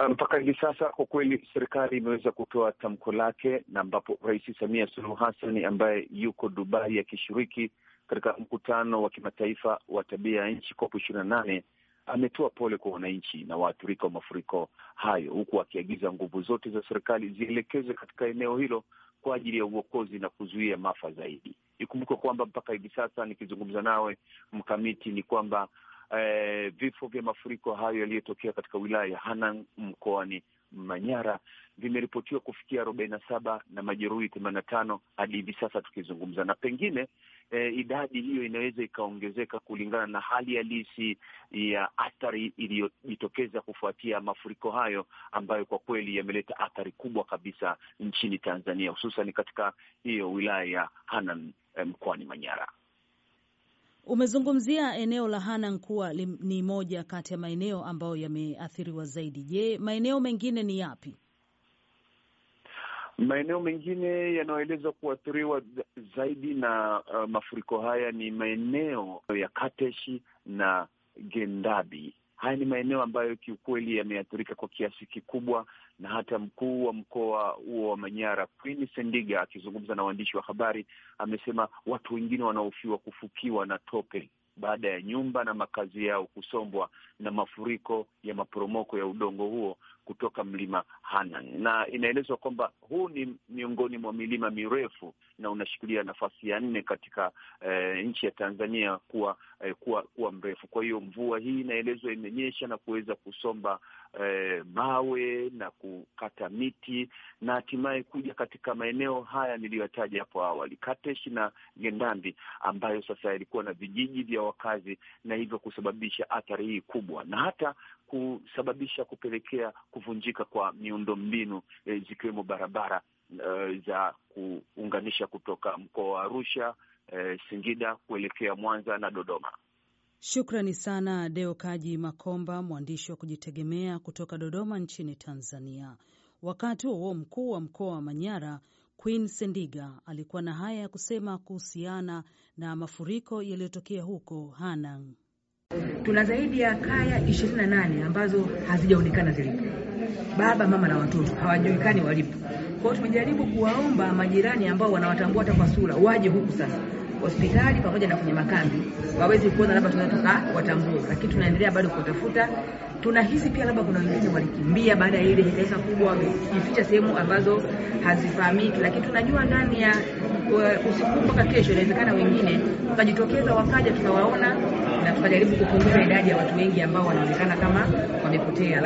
Ah, mpaka hivi sasa kwa kweli serikali imeweza kutoa tamko lake, na ambapo Rais Samia Suluhu Hassan ambaye yuko Dubai akishiriki katika mkutano wa kimataifa wa tabia ya nchi COP ishirini na nane ametoa pole kwa wananchi na waathirika wa mafuriko hayo, huku akiagiza nguvu zote za serikali zielekezwe katika eneo hilo kwa ajili ya uokozi na kuzuia maafa zaidi. Ikumbuke kwamba mpaka hivi sasa nikizungumza nawe Mkamiti, ni kwamba eh, vifo vya mafuriko hayo yaliyotokea katika wilaya ya Hanang mkoani Manyara vimeripotiwa kufikia arobaini na saba na majeruhi themani na tano hadi hivi sasa tukizungumza, na pengine e, idadi hiyo inaweza ikaongezeka kulingana na hali halisi ya athari iliyojitokeza kufuatia mafuriko hayo ambayo kwa kweli yameleta athari kubwa kabisa nchini Tanzania, hususan katika hiyo wilaya ya hanan eh, mkoani Manyara. Umezungumzia eneo la Hanan kuwa ni moja kati ya maeneo ambayo yameathiriwa zaidi. Je, maeneo mengine ni yapi? Maeneo mengine yanayoelezwa kuathiriwa zaidi na uh, mafuriko haya ni maeneo ya Kateshi na Gendabi Haya ni maeneo ambayo kiukweli yameathirika kwa kiasi kikubwa, na hata mkuu wa mkoa huo wa Manyara Queen Sendiga akizungumza na waandishi wa habari amesema watu wengine wanahofiwa kufukiwa na tope baada ya nyumba na makazi yao kusombwa na mafuriko ya maporomoko ya udongo huo kutoka mlima Hanan, na inaelezwa kwamba huu ni miongoni mwa milima mirefu na unashikilia nafasi ya nne katika eh, nchi ya Tanzania kuwa, eh, kuwa kuwa mrefu. Kwa hiyo mvua hii inaelezwa imenyesha na kuweza kusomba eh, mawe na kukata miti na hatimaye kuja katika maeneo haya niliyoyataja hapo awali, Katesh na Gendambi ambayo sasa yalikuwa na vijiji vya wakazi, na hivyo kusababisha athari hii kubwa na hata kusababisha kupelekea kuvunjika kwa miundombinu e, zikiwemo barabara e, za kuunganisha kutoka mkoa wa Arusha e, Singida kuelekea Mwanza na Dodoma. Shukrani sana Deo Kaji Makomba, mwandishi wa kujitegemea kutoka Dodoma nchini Tanzania. Wakati huo mkuu wa mkoa wa Manyara Queen Sendiga alikuwa na haya ya kusema kuhusiana na mafuriko yaliyotokea huko Hanang. Tuna zaidi ya kaya 28 ambazo hazijaonekana zilipo. Baba, mama na watoto hawajulikani walipo. kwao tumejaribu kuwaomba majirani ambao wanawatambua hata kwa sura waje huku sasa hospitali pamoja na kwenye makambi wawezi kuona labda tunataka watambue, lakini tunaendelea bado kutafuta. Tunahisi pia labda kuna wengine walikimbia baada ya ile hitaisa kubwa, wamejificha sehemu ambazo hazifahamiki, lakini tunajua ndani ya eh, usiku mpaka kesho inawezekana wengine wakajitokeza wakaja, tukawaona na tukajaribu kupunguza idadi ya watu wengi ambao wanaonekana kama wamepotea.